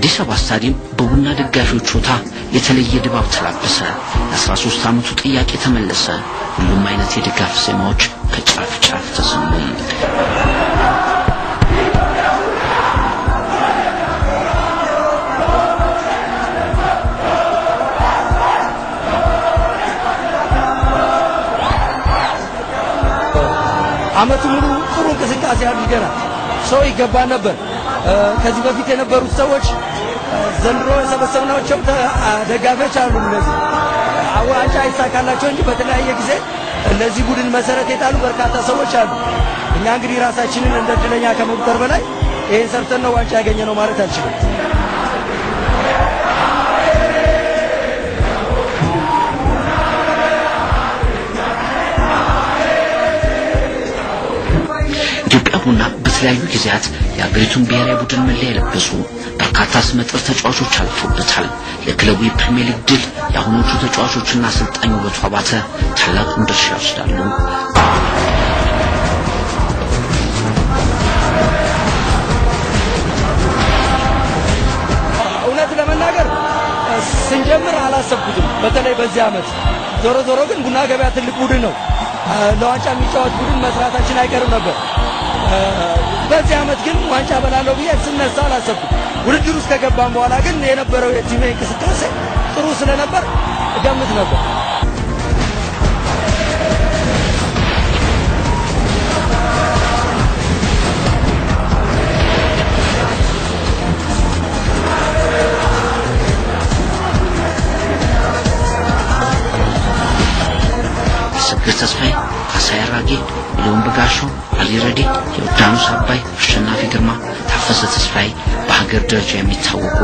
የአዲስ አበባ ስታዲየም በቡና ደጋፊዎች ሆታ የተለየ ድባብ ተላበሰ። የ13 ዓመቱ ጥያቄ ተመለሰ። ሁሉም አይነት የድጋፍ ዜማዎች ከጫፍ ጫፍ ተሰሙ። አመቱ ሙሉ ጥሩ እንቅስቃሴ አድርገናል። ሰው ይገባ ነበር። ከዚህ በፊት የነበሩት ሰዎች ዘንድሮ የሰበሰብናቸው ደጋፊዎች አሉ። እነዚህ ዋንጫ አይሳካላቸው እንጂ በተለያየ ጊዜ እነዚህ ቡድን መሰረት የጣሉ በርካታ ሰዎች አሉ። እኛ እንግዲህ ራሳችንን እንደ እድለኛ ከመቁጠር በላይ ይህን ሰርተን ነው ዋንጫ ያገኘ ነው ማለት አልችልም። ኢትዮጵያ ቡና በተለያዩ ጊዜያት የአገሪቱን ብሔራዊ ቡድን መለያ የለበሱ በርካታ ስመጥር ተጫዋቾች አልፎበታል። ለክለቡ የፕሪሚየር ሊግ ድል የአሁኖቹ ተጫዋቾችና አሰልጣኝ ውበቱ አባተ ታላቁን ድርሻ ይወስዳሉ። እውነት ለመናገር ስንጀምር አላሰብኩትም፣ በተለይ በዚህ ዓመት። ዞሮ ዞሮ ግን ቡና ገበያ ትልቅ ቡድን ነው። ለዋንጫ የሚጫወት ቡድን መስራታችን አይቀርም ነበር። በዚህ ዓመት ግን ዋንጫ በላለው ብዬ ስነሳ አላሰብኩም። ውድድር ውስጥ ከገባም በኋላ ግን የነበረው የቲሜ እንቅስቃሴ ጥሩ ስለነበር እገምት ነበር። ሞገስ ተስፋዬ፣ ካሳይ አራጌ፣ ሊሆን በጋሻው፣ አሊ ረዴ፣ አባይ፣ አሸናፊ ግርማ፣ ታፈሰ ተስፋይ በሀገር ደረጃ የሚታወቁ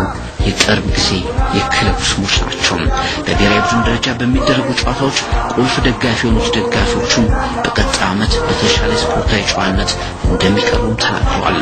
የቅርብ ጊዜ የክለቡ ስሞች ናቸው። በብሔራዊ ቡድን ደረጃ በሚደረጉ ጨዋታዎች ቁልፍ ደጋፊ የሆኑት ደጋፊዎቹም በቀጣይ ዓመት በተሻለ ስፖርታዊ ጨዋነት እንደሚቀርቡም ተናግረዋል።